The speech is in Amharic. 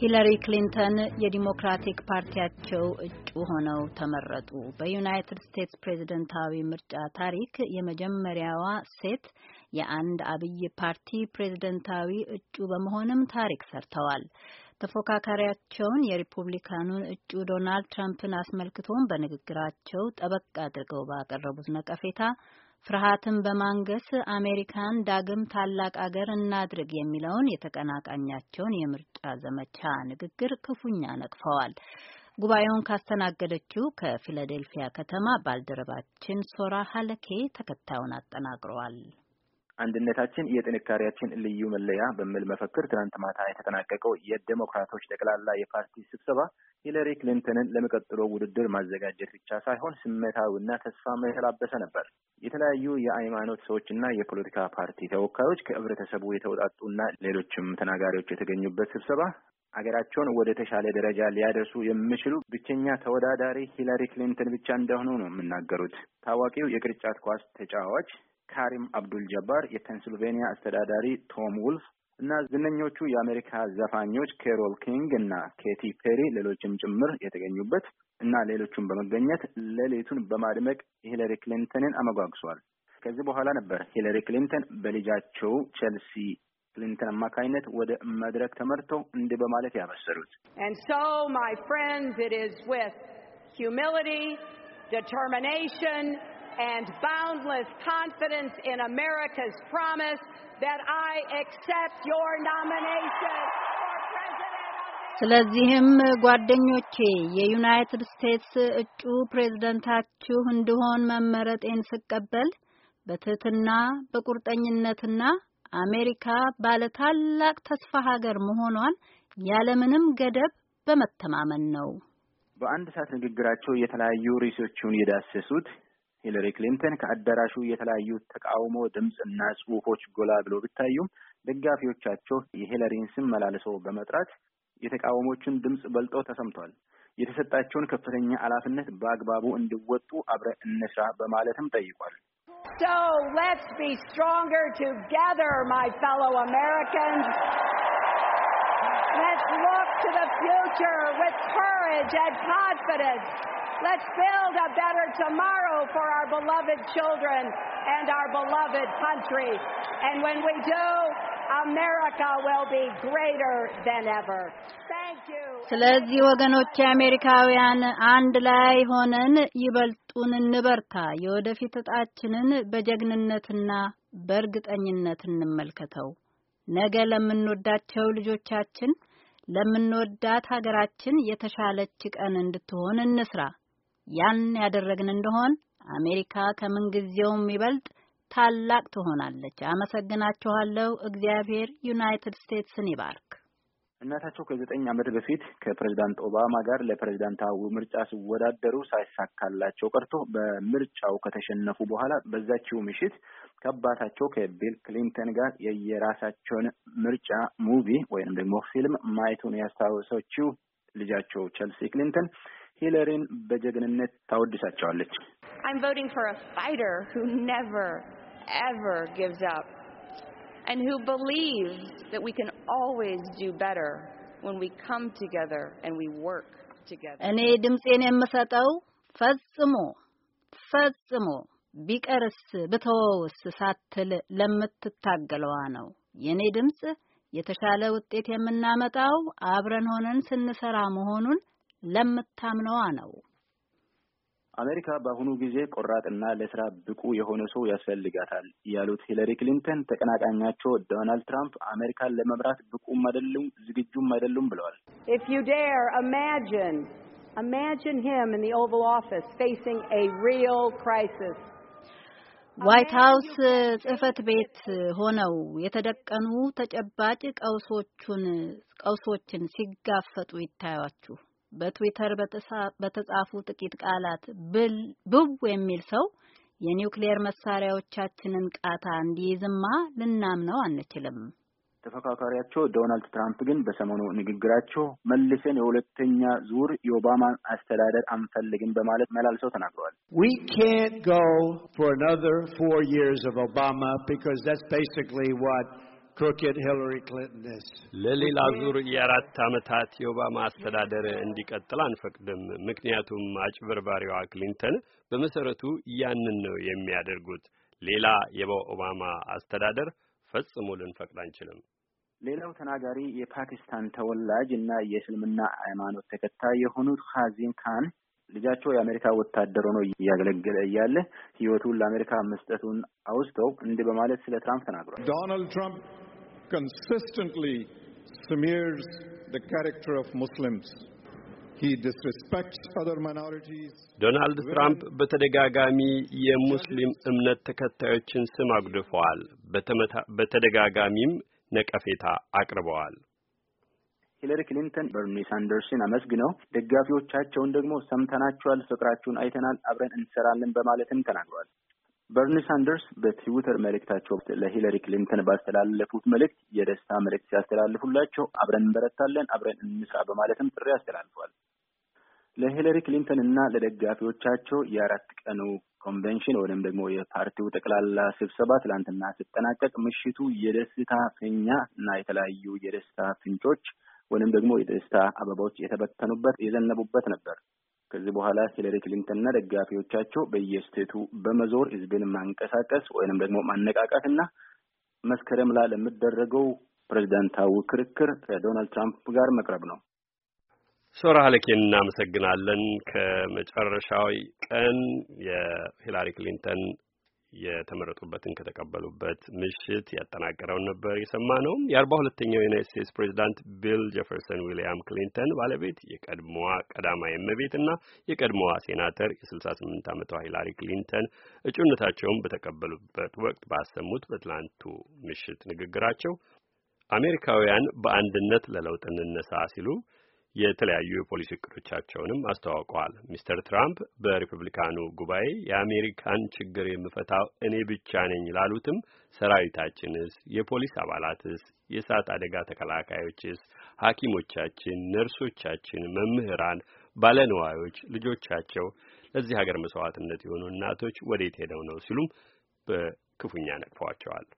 ሂለሪ ክሊንተን የዲሞክራቲክ ፓርቲያቸው እጩ ሆነው ተመረጡ። በዩናይትድ ስቴትስ ፕሬዝደንታዊ ምርጫ ታሪክ የመጀመሪያዋ ሴት የአንድ አብይ ፓርቲ ፕሬዝደንታዊ እጩ በመሆንም ታሪክ ሰርተዋል። ተፎካካሪያቸውን የሪፑብሊካኑን እጩ ዶናልድ ትራምፕን አስመልክቶም በንግግራቸው ጠበቅ አድርገው ባቀረቡት ነቀፌታ ፍርሃትን በማንገስ አሜሪካን ዳግም ታላቅ አገር እናድርግ የሚለውን የተቀናቃኛቸውን የምርጫ ዘመቻ ንግግር ክፉኛ ነቅፈዋል። ጉባኤውን ካስተናገደችው ከፊላዴልፊያ ከተማ ባልደረባችን ሶራ ሀለኬ ተከታዩን አጠናቅረዋል። አንድነታችን የጥንካሬያችን ልዩ መለያ በሚል መፈክር ትናንት ማታ የተጠናቀቀው የዴሞክራቶች ጠቅላላ የፓርቲ ስብሰባ ሂለሪ ክሊንተንን ለሚቀጥለው ውድድር ማዘጋጀት ብቻ ሳይሆን ስሜታዊና ተስፋ የተላበሰ ነበር። የተለያዩ የሃይማኖት ሰዎችና የፖለቲካ ፓርቲ ተወካዮች ከህብረተሰቡ የተውጣጡና ሌሎችም ተናጋሪዎች የተገኙበት ስብሰባ ሀገራቸውን ወደ ተሻለ ደረጃ ሊያደርሱ የሚችሉ ብቸኛ ተወዳዳሪ ሂለሪ ክሊንተን ብቻ እንደሆኑ ነው የሚናገሩት። ታዋቂው የቅርጫት ኳስ ተጫዋች ካሪም አብዱል ጀባር፣ የፔንስልቬንያ አስተዳዳሪ ቶም ውልፍ እና ዝነኞቹ የአሜሪካ ዘፋኞች ኬሮል ኪንግ እና ኬቲ ፔሪ ሌሎችም ጭምር የተገኙበት እና ሌሎቹን በመገኘት ሌሊቱን በማድመቅ ሂለሪ ክሊንተንን አመጓግሷል። ከዚህ በኋላ ነበር ሂለሪ ክሊንተን በልጃቸው ቼልሲ ክሊንተን አማካኝነት ወደ መድረክ ተመርተው እንዲህ በማለት ያበሰሩት ዲተርሚኔሽን ኤንድ ባውንድለስ ኮንፊደንስ ኢን አሜሪካስ ፕሮሚስ that I accept your nomination. ስለዚህም ጓደኞቼ የዩናይትድ ስቴትስ እጩ ፕሬዝደንታችሁ እንድሆን መመረጤን ስቀበል በትህትና በቁርጠኝነትና አሜሪካ ባለ ታላቅ ተስፋ ሀገር መሆኗን ያለምንም ገደብ በመተማመን ነው። በአንድ ሰዓት ንግግራቸው የተለያዩ ርዕሶቹን የዳሰሱት ሂለሪ ክሊንተን ከአዳራሹ የተለያዩ ተቃውሞ ድምፅና ጽሁፎች ጎላ ብሎ ቢታዩም ደጋፊዎቻቸው የሂለሪን ስም መላልሶ በመጥራት የተቃውሞቹን ድምፅ በልጦ ተሰምቷል። የተሰጣቸውን ከፍተኛ ኃላፊነት በአግባቡ እንዲወጡ አብረ እንስራ በማለትም ጠይቋል። So let's be stronger together, my fellow Americans. Let's look to the future with courage and confidence. Let's build a better tomorrow for our beloved children and our beloved country. And when we do, America will be greater than ever. Thank you. ስለዚህ ወገኖች አሜሪካውያን አንድ ላይ ሆነን ይበልጡን እንበርታ። የወደፊት እጣችንን በጀግንነትና በእርግጠኝነት እንመልከተው። ነገ ለምንወዳቸው ልጆቻችን ለምንወዳት ሀገራችን የተሻለች ቀን እንድትሆን እንስራ። ያን ያደረግን እንደሆን አሜሪካ ከምንጊዜውም ይበልጥ ታላቅ ትሆናለች። አመሰግናችኋለሁ። እግዚአብሔር ዩናይትድ ስቴትስን ይባርክ። እናታቸው ከዘጠኝ ዓመት በፊት ከፕሬዚዳንት ኦባማ ጋር ለፕሬዚዳንታዊ ምርጫ ሲወዳደሩ ሳይሳካላቸው ቀርቶ በምርጫው ከተሸነፉ በኋላ በዛችው ምሽት ከአባታቸው ከቢል ክሊንተን ጋር የየራሳቸውን ምርጫ ሙቪ ወይም ደግሞ ፊልም ማየቱን ያስታወሰችው ልጃቸው ቸልሲ ክሊንተን ሂለሪን በጀግንነት ታወድሳቸዋለች። I'm voting for a fighter who never ever gives up and who believes that we can always do better when we come together and we work together. እኔ ድምጼን የምሰጠው ፈጽሞ ፈጽሞ ቢቀርስ ብተወውስ ሳትል ለምትታገለዋ ነው። የኔ ድምፅ የተሻለ ውጤት የምናመጣው አብረን ሆነን ስንሰራ መሆኑን ለምታምነዋ ነው። አሜሪካ በአሁኑ ጊዜ ቆራጥና ለስራ ብቁ የሆነ ሰው ያስፈልጋታል ያሉት ሂለሪ ክሊንተን ተቀናቃኛቸው ዶናልድ ትራምፕ አሜሪካን ለመምራት ብቁም አይደሉም፣ ዝግጁም አይደሉም ብለዋል። ዋይት ሀውስ ጽህፈት ቤት ሆነው የተደቀኑ ተጨባጭ ቀውሶቹን ቀውሶችን ሲጋፈጡ ይታያችሁ። በትዊተር በተጻፉ ጥቂት ቃላት ብው የሚል ሰው የኒውክሌየር መሳሪያዎቻችንን ቃታ እንዲይዝማ ልናምነው አንችልም። ተፈካካሪያቸው ዶናልድ ትራምፕ ግን በሰሞኑ ንግግራቸው መልሰን የሁለተኛ ዙር የኦባማን አስተዳደር አንፈልግም በማለት መላልሰው ተናግረዋል። We can't go for another four years of Obama because that's basically what crooked Hillary Clinton is. ለሌላ ዙር የአራት ዓመታት የኦባማ አስተዳደር እንዲቀጥል አንፈቅድም። ምክንያቱም አጭበርባሪዋ ክሊንተን በመሰረቱ ያንን ነው የሚያደርጉት። ሌላ የኦባማ አስተዳደር ፈጽሞ ልንፈቅድ አንችልም። ሌላው ተናጋሪ የፓኪስታን ተወላጅ እና የእስልምና ሃይማኖት ተከታይ የሆኑት ሀዚን ካን ልጃቸው የአሜሪካ ወታደር ሆኖ እያገለገለ እያለ ህይወቱን ለአሜሪካ መስጠቱን አውስተው እንዲህ በማለት ስለ ትራምፕ ተናግሯል። ዶናልድ ትራምፕ consistently smears the character of ዶናልድ ትራምፕ በተደጋጋሚ የሙስሊም እምነት ተከታዮችን ስም አጉድፈዋል። በተደጋጋሚም ነቀፌታ አቅርበዋል። ሂለሪ ክሊንተን በርኒ ሳንደርስን አመስግነው ደጋፊዎቻቸውን ደግሞ ሰምተናቸዋል፣ ፍቅራችሁን አይተናል፣ አብረን እንሰራለን በማለትም ተናግሯል። በርኒ ሳንደርስ በትዊተር መልእክታቸው ለሂለሪ ክሊንተን ባስተላለፉት መልእክት የደስታ መልእክት ሲያስተላልፉላቸው አብረን እንበረታለን፣ አብረን እንስራ በማለትም ጥሪ አስተላልፏል። ለሂለሪ ክሊንተን እና ለደጋፊዎቻቸው የአራት ቀኑ ኮንቬንሽን ወይም ደግሞ የፓርቲው ጠቅላላ ስብሰባ ትላንትና ሲጠናቀቅ ምሽቱ የደስታ ፊኛ እና የተለያዩ የደስታ ፍንጮች ወይም ደግሞ የደስታ አበባዎች የተበተኑበት የዘነቡበት ነበር። ከዚህ በኋላ ሂለሪ ክሊንተንና ደጋፊዎቻቸው በየስቴቱ በመዞር ህዝብን ማንቀሳቀስ ወይንም ደግሞ ማነቃቃትና መስከረም ላይ ለሚደረገው ፕሬዚዳንታዊ ክርክር ከዶናልድ ትራምፕ ጋር መቅረብ ነው። ሶራ ሀለኬን እናመሰግናለን። ከመጨረሻዊ ቀን የሂላሪ ክሊንተን የተመረጡበትን ከተቀበሉበት ምሽት ያጠናቀረውን ነበር የሰማ ነው። የአርባ ሁለተኛው የዩናይት ስቴትስ ፕሬዚዳንት ቢል ጀፈርሰን ዊሊያም ክሊንተን ባለቤት የቀድሞዋ ቀዳማ የመቤት እና የቀድሞዋ ሴናተር የስልሳ ስምንት ዓመቷ ሂላሪ ክሊንተን እጩነታቸውን በተቀበሉበት ወቅት ባሰሙት በትላንቱ ምሽት ንግግራቸው አሜሪካውያን በአንድነት ለለውጥ እንነሳ ሲሉ የተለያዩ የፖሊሲ እቅዶቻቸውንም አስተዋውቀዋል። ሚስተር ትራምፕ በሪፐብሊካኑ ጉባኤ የአሜሪካን ችግር የምፈታው እኔ ብቻ ነኝ ላሉትም ሰራዊታችንስ፣ የፖሊስ አባላትስ፣ የእሳት አደጋ ተከላካዮችስ፣ ሐኪሞቻችን፣ ነርሶቻችን፣ መምህራን፣ ባለንዋዮች፣ ልጆቻቸው፣ ለዚህ ሀገር መስዋዕትነት የሆኑ እናቶች ወዴት ሄደው ነው ሲሉም በክፉኛ ነቅፈዋቸዋል።